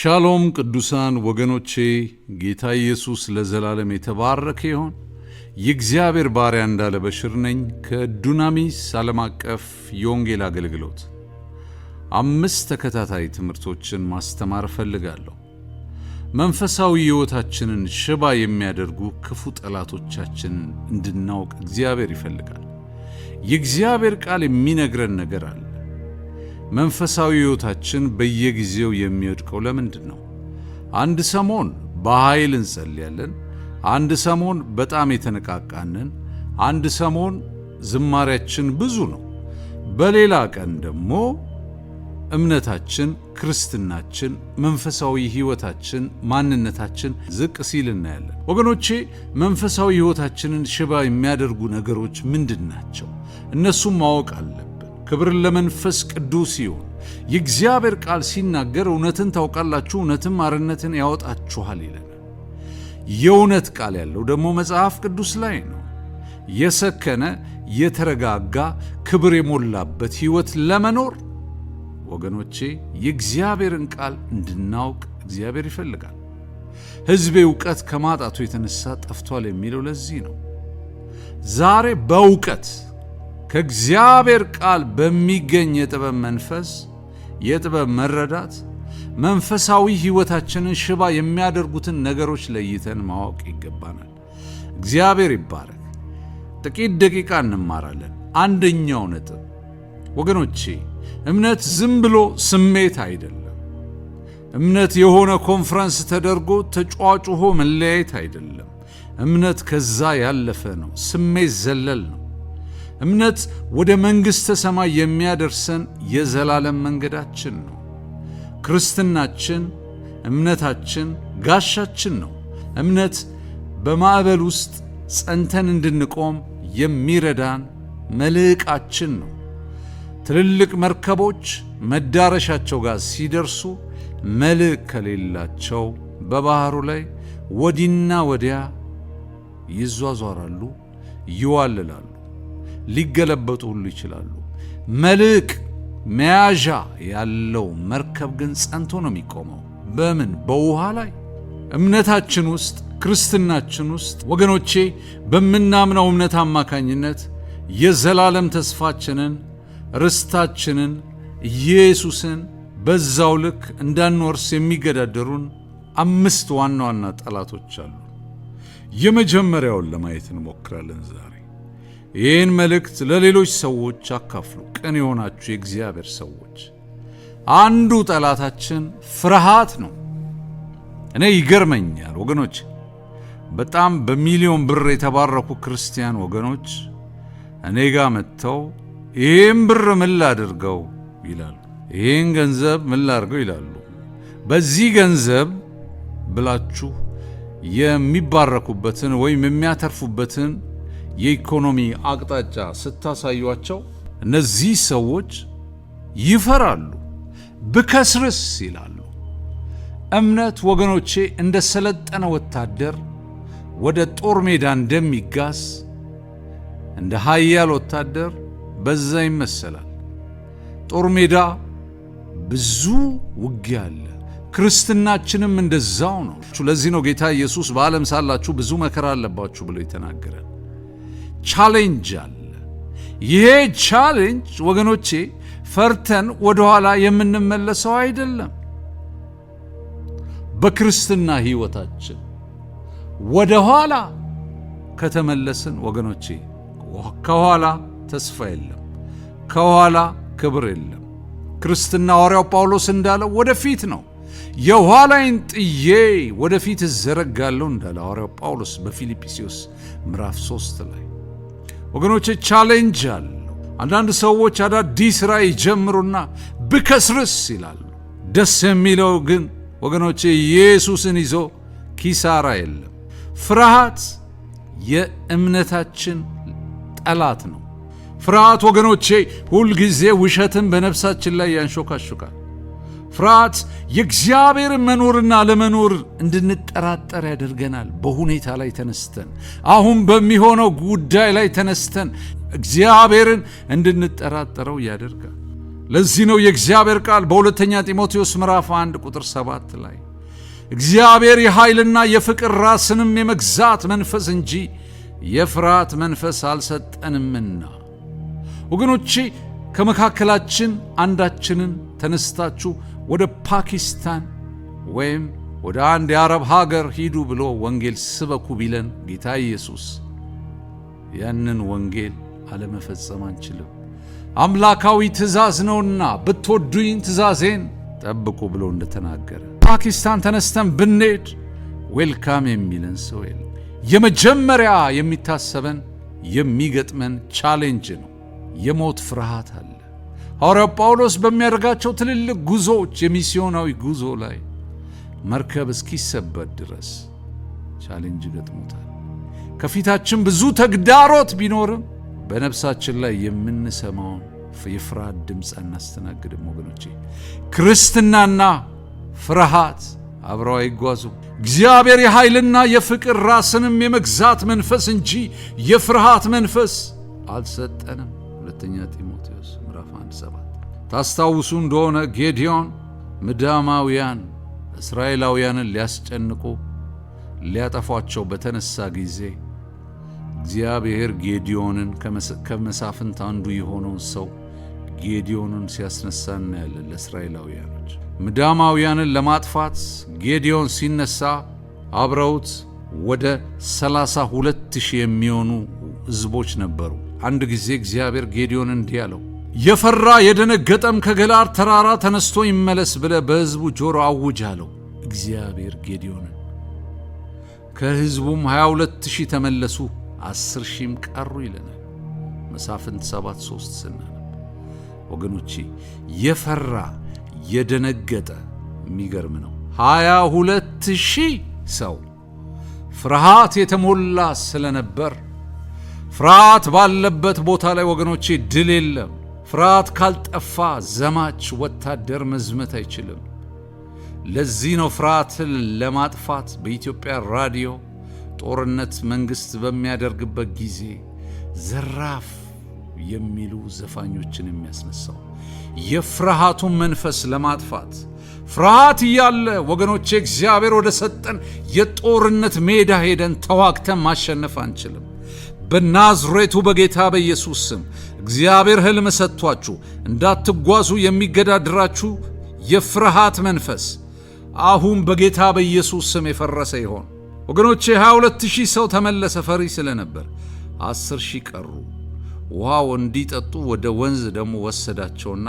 ሻሎም ቅዱሳን ወገኖቼ፣ ጌታ ኢየሱስ ለዘላለም የተባረከ ይሆን። የእግዚአብሔር ባሪያ እንዳለ በሽር ነኝ ከዱናሚስ ዓለም አቀፍ የወንጌል አገልግሎት አምስት ተከታታይ ትምህርቶችን ማስተማር እፈልጋለሁ። መንፈሳዊ ሕይወታችንን ሽባ የሚያደርጉ ክፉ ጠላቶቻችንን እንድናውቅ እግዚአብሔር ይፈልጋል። የእግዚአብሔር ቃል የሚነግረን ነገር አለ። መንፈሳዊ ሕይወታችን በየጊዜው የሚወድቀው ለምንድን ነው? አንድ ሰሞን በኃይል እንጸልያለን፣ አንድ ሰሞን በጣም የተነቃቃንን፣ አንድ ሰሞን ዝማሪያችን ብዙ ነው። በሌላ ቀን ደግሞ እምነታችን፣ ክርስትናችን፣ መንፈሳዊ ሕይወታችን፣ ማንነታችን ዝቅ ሲል እናያለን። ወገኖቼ መንፈሳዊ ሕይወታችንን ሽባ የሚያደርጉ ነገሮች ምንድን ናቸው? እነሱም ማወቅ አለን። ክብር ለመንፈስ ቅዱስ ይሁን። የእግዚአብሔር ቃል ሲናገር እውነትን ታውቃላችሁ፣ እውነትም አርነትን ያወጣችኋል ይለናል። የእውነት ቃል ያለው ደግሞ መጽሐፍ ቅዱስ ላይ ነው። የሰከነ የተረጋጋ ክብር የሞላበት ሕይወት ለመኖር ወገኖቼ የእግዚአብሔርን ቃል እንድናውቅ እግዚአብሔር ይፈልጋል። ሕዝቤ እውቀት ከማጣቱ የተነሳ ጠፍቷል የሚለው ለዚህ ነው። ዛሬ በእውቀት ከእግዚአብሔር ቃል በሚገኝ የጥበብ መንፈስ የጥበብ መረዳት መንፈሳዊ ሕይወታችንን ሽባ የሚያደርጉትን ነገሮች ለይተን ማወቅ ይገባናል። እግዚአብሔር ይባረክ። ጥቂት ደቂቃ እንማራለን። አንደኛው ነጥብ ወገኖቼ፣ እምነት ዝም ብሎ ስሜት አይደለም። እምነት የሆነ ኮንፈረንስ ተደርጎ ተጫጩሆ መለያየት አይደለም። እምነት ከዛ ያለፈ ነው፣ ስሜት ዘለል ነው። እምነት ወደ መንግሥተ ሰማይ የሚያደርሰን የዘላለም መንገዳችን ነው። ክርስትናችን እምነታችን ጋሻችን ነው። እምነት በማዕበል ውስጥ ጸንተን እንድንቆም የሚረዳን መልሕቃችን ነው። ትልልቅ መርከቦች መዳረሻቸው ጋር ሲደርሱ መልሕቅ ከሌላቸው በባሕሩ ላይ ወዲና ወዲያ ይዟዟራሉ፣ ይዋልላሉ። ሊገለበጡ ሁሉ ይችላሉ። መልህቅ መያዣ ያለው መርከብ ግን ጸንቶ ነው የሚቆመው። በምን በውሃ ላይ እምነታችን ውስጥ ክርስትናችን ውስጥ ወገኖቼ፣ በምናምነው እምነት አማካኝነት የዘላለም ተስፋችንን ርስታችንን ኢየሱስን በዛው ልክ እንዳንወርስ የሚገዳደሩን አምስት ዋና ዋና ጠላቶች አሉ። የመጀመሪያውን ለማየት እንሞክራለን ዛሬ ይህን መልእክት ለሌሎች ሰዎች አካፍሉ። ቅን የሆናችሁ የእግዚአብሔር ሰዎች፣ አንዱ ጠላታችን ፍርሃት ነው። እኔ ይገርመኛል ወገኖች፣ በጣም በሚሊዮን ብር የተባረኩ ክርስቲያን ወገኖች እኔ ጋር መጥተው ይህን ብር ምን ላድርገው ይላሉ። ይህን ገንዘብ ምን ላድርገው ይላሉ። በዚህ ገንዘብ ብላችሁ የሚባረኩበትን ወይም የሚያተርፉበትን የኢኮኖሚ አቅጣጫ ስታሳዩቸው እነዚህ ሰዎች ይፈራሉ። ብከስርስ ይላሉ። እምነት ወገኖቼ እንደ ሰለጠነ ወታደር ወደ ጦር ሜዳ እንደሚጋዝ እንደ ኃያል ወታደር በዛ ይመሰላል። ጦር ሜዳ ብዙ ውጊያ አለ። ክርስትናችንም እንደዛው ነው። ለዚህ ነው ጌታ ኢየሱስ በዓለም ሳላችሁ ብዙ መከራ አለባችሁ ብሎ የተናገረን። ቻሌንጅ አለ። ይሄ ቻሌንጅ ወገኖቼ ፈርተን ወደ ኋላ የምንመለሰው አይደለም። በክርስትና ሕይወታችን ኋላ ከተመለስን ወገኖቼ ከኋላ ተስፋ የለም፣ ከኋላ ክብር የለም። ክርስትና ሐዋርያው ጳውሎስ እንዳለው ወደፊት ነው። የኋላይን ጥዬ ወደፊት እዘረጋለሁ እንዳለ ሐዋርያው ጳውሎስ በፊልጵስዩስ ምዕራፍ 3 ላይ ወገኖቼ ቻሌንጅ አለው። አንዳንድ ሰዎች አዳዲስ ሥራ ይጀምሩና ብከስርስ ይላሉ። ደስ የሚለው ግን ወገኖቼ ኢየሱስን ይዞ ኪሳራ የለም። ፍርሃት የእምነታችን ጠላት ነው። ፍርሃት ወገኖቼ ሁልጊዜ ውሸትን በነፍሳችን ላይ ያንሾካሹካል። ፍርሃት የእግዚአብሔር መኖርና ለመኖር እንድንጠራጠር ያደርገናል። በሁኔታ ላይ ተነስተን አሁን በሚሆነው ጉዳይ ላይ ተነስተን እግዚአብሔርን እንድንጠራጠረው ያደርጋል። ለዚህ ነው የእግዚአብሔር ቃል በሁለተኛ ጢሞቴዎስ ምዕራፍ 1 ቁጥር 7 ላይ እግዚአብሔር የኃይልና የፍቅር ራስንም የመግዛት መንፈስ እንጂ የፍርሃት መንፈስ አልሰጠንምና። ወገኖቼ ከመካከላችን አንዳችንን ተነስታችሁ ወደ ፓኪስታን ወይም ወደ አንድ የአረብ ሀገር ሂዱ ብሎ ወንጌል ስበኩ ቢለን ጌታ ኢየሱስ ያንን ወንጌል አለመፈጸም አንችልም። አምላካዊ ትእዛዝ ነውና ብትወዱኝ ትእዛዜን ጠብቁ ብሎ እንደተናገረ ፓኪስታን ተነስተን ብንሄድ ዌልካም የሚለን ሰው የለም። የመጀመሪያ የሚታሰበን የሚገጥመን ቻሌንጅ ነው። የሞት ፍርሃት አለ። ሐዋርያው ጳውሎስ በሚያደርጋቸው ትልልቅ ጉዞዎች የሚስዮናዊ ጉዞ ላይ መርከብ እስኪሰበት ድረስ ቻሌንጅ ገጥሞታል። ከፊታችን ብዙ ተግዳሮት ቢኖርም በነፍሳችን ላይ የምንሰማውን የፍርሃት ድምፅ አናስተናግድም። ወገኖቼ ክርስትናና ፍርሃት አብረው አይጓዙ። እግዚአብሔር የኃይልና የፍቅር ራስንም የመግዛት መንፈስ እንጂ የፍርሃት መንፈስ አልሰጠንም። ሁለተኛ ጢሞቴዎስ ታስታውሱ እንደሆነ ጌዲዮን ምዳማውያን እስራኤላውያንን ሊያስጨንቁ ሊያጠፏቸው በተነሳ ጊዜ እግዚአብሔር ጌዲዮንን ከመሳፍንት አንዱ የሆነውን ሰው ጌዲዮንን ሲያስነሳ እናያለን። ለእስራኤላውያኖች ምዳማውያንን ለማጥፋት ጌዲዮን ሲነሳ አብረውት ወደ ሰላሳ ሁለት ሺህ የሚሆኑ ሕዝቦች ነበሩ። አንድ ጊዜ እግዚአብሔር ጌዲዮን እንዲህ አለው የፈራ የደነገጠም ከገላር ተራራ ተነስቶ ይመለስ ብለ በሕዝቡ ጆሮ አውጅ አለው እግዚአብሔር ጌዲዮንን። ከሕዝቡም 22 ሺህ ተመለሱ፣ 10 ሺህም ቀሩ ይለናል መሳፍንት 7 3 ስናነብ ወገኖቼ የፈራ የደነገጠ የሚገርም ነው። 22 ሁለት ሺህ ሰው ፍርሃት የተሞላ ስለነበር ፍርሃት ባለበት ቦታ ላይ ወገኖቼ ድል የለም። ፍርሃት ካልጠፋ ዘማች ወታደር መዝመት አይችልም። ለዚህ ነው ፍርሃትን ለማጥፋት በኢትዮጵያ ራዲዮ ጦርነት መንግሥት በሚያደርግበት ጊዜ ዘራፍ የሚሉ ዘፋኞችን የሚያስነሳው። የፍርሃቱን መንፈስ ለማጥፋት ፍርሃት እያለ ወገኖቼ እግዚአብሔር ወደ ሰጠን የጦርነት ሜዳ ሄደን ተዋግተን ማሸነፍ አንችልም። በናዝሬቱ በጌታ በኢየሱስ ስም እግዚአብሔር ሕልም ሰጥቷችሁ እንዳትጓዙ የሚገዳድራችሁ የፍርሃት መንፈስ አሁን በጌታ በኢየሱስ ስም የፈረሰ ይሆን። ወገኖቼ 22000 ሰው ተመለሰ ፈሪ ስለነበር፣ 10ሺ ቀሩ። ውሃው እንዲጠጡ ወደ ወንዝ ደግሞ ወሰዳቸውና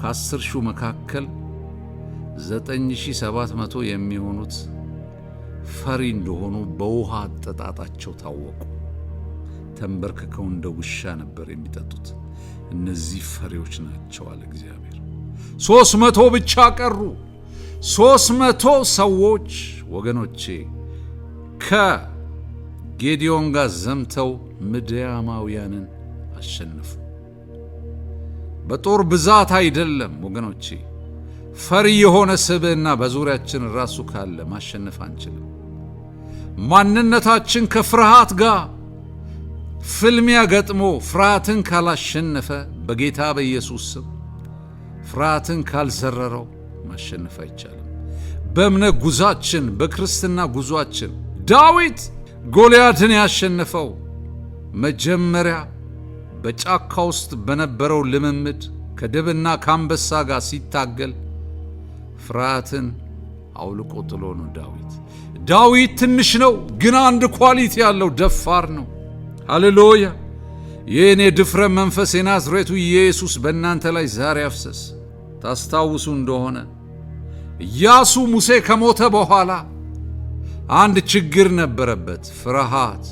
ከአስር ሺው መካከል 9700 የሚሆኑት ፈሪ እንደሆኑ በውሃ አጠጣጣቸው ታወቁ። ተንበርክከው እንደ ውሻ ነበር የሚጠጡት። እነዚህ ፈሪዎች ናቸው አለ እግዚአብሔር። ሦስት መቶ ብቻ ቀሩ። ሦስት መቶ ሰዎች ወገኖቼ ከጌዲዮን ጋር ዘምተው ምድያማውያንን አሸነፉ። በጦር ብዛት አይደለም ወገኖቼ። ፈሪ የሆነ ስብዕና በዙሪያችን ራሱ ካለ ማሸነፍ አንችልም። ማንነታችን ከፍርሃት ጋር ፍልሚያ ገጥሞ ፍርሃትን ካላሸነፈ በጌታ በኢየሱስ ስም ፍርሃትን ካልዘረረው ማሸነፍ አይቻልም። በእምነት ጉዟችን፣ በክርስትና ጉዟችን ዳዊት ጎልያድን ያሸነፈው መጀመሪያ በጫካ ውስጥ በነበረው ልምምድ ከድብና ከአንበሳ ጋር ሲታገል ፍርሃትን አውልቆ ጥሎ ነው። ዳዊት ዳዊት ትንሽ ነው፣ ግን አንድ ኳሊቲ ያለው ደፋር ነው። ሃሌሉያ! ይህን ድፍረ መንፈስ የናዝሬቱ ኢየሱስ በእናንተ ላይ ዛሬ አፍሰስ። ታስታውሱ እንደሆነ ኢያሱ ሙሴ ከሞተ በኋላ አንድ ችግር ነበረበት። ፍርሃት፣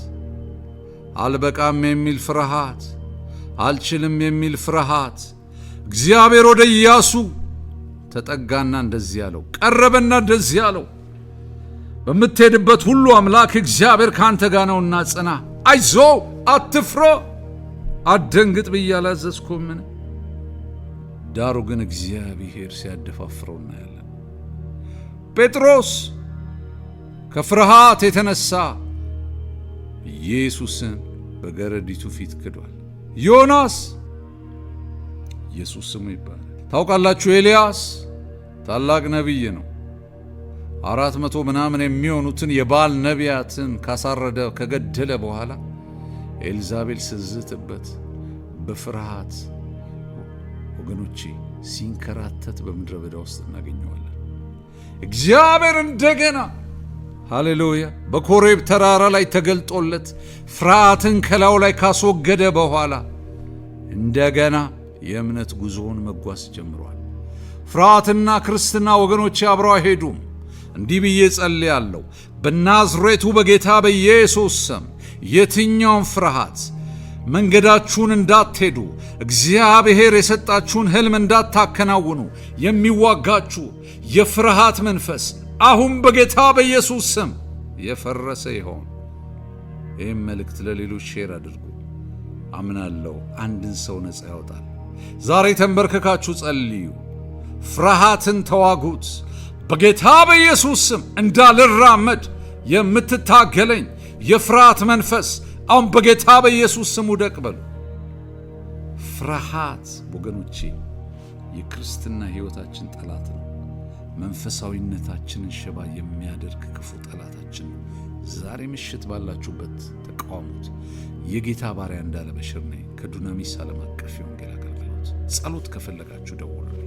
አልበቃም የሚል ፍርሃት፣ አልችልም የሚል ፍርሃት። እግዚአብሔር ወደ ኢያሱ ተጠጋና እንደዚህ አለው፣ ቀረበና እንደዚህ አለው፣ በምትሄድበት ሁሉ አምላክ እግዚአብሔር ካንተ ጋር ነውና ጽና አይዞ አትፍሮ አደንግጥ ብዬ አላዘዝኩምን? ዳሩ ግን እግዚአብሔር ሲያደፋፍረው እናያለን። ጴጥሮስ ከፍርሃት የተነሳ ኢየሱስን በገረዲቱ ፊት ክዷል። ዮናስ ኢየሱስ ስሙ ይባላል። ታውቃላችሁ፣ ኤልያስ ታላቅ ነቢይ ነው። አራት መቶ ምናምን የሚሆኑትን የባል ነቢያትን ካሳረደ ከገደለ በኋላ ኤልዛቤል ስዝትበት በፍርሃት ወገኖቼ ሲንከራተት በምድረ በዳ ውስጥ እናገኘዋለን። እግዚአብሔር እንደገና ሃሌሉያ በኮሬብ ተራራ ላይ ተገልጦለት ፍርሃትን ከላዩ ላይ ካስወገደ በኋላ እንደገና የእምነት ጉዞውን መጓዝ ጀምሯል። ፍርሃትና ክርስትና ወገኖቼ አብረው አይሄዱም። እንዲህ ብዬ ጸልያለሁ። በናዝሬቱ በጌታ በኢየሱስ ስም የትኛውን ፍርሃት መንገዳችሁን እንዳትሄዱ እግዚአብሔር የሰጣችሁን ሕልም እንዳታከናውኑ የሚዋጋችሁ የፍርሃት መንፈስ አሁን በጌታ በኢየሱስ ስም የፈረሰ ይሆን። ይህም መልእክት ለሌሎች ሼር አድርጉ። አምናለሁ አንድን ሰው ነፃ ያወጣል። ዛሬ ተንበርክካችሁ ጸልዩ። ፍርሃትን ተዋጉት። በጌታ በኢየሱስ ስም እንዳልራመድ የምትታገለኝ የፍርሃት መንፈስ አሁን በጌታ በኢየሱስ ስም ውደቅ በሉ። ፍርሃት ወገኖቼ የክርስትና ሕይወታችን ጠላት ነው። መንፈሳዊነታችንን ሽባ የሚያደርግ ክፉ ጠላታችን ነው። ዛሬ ምሽት ባላችሁበት ተቃውሙት። የጌታ ባሪያ እንዳለ በሽር ነኝ ከዱናሚስ ዓለም አቀፍ የወንጌል አገልግሎት ጸሎት ከፈለጋችሁ ደውሉ።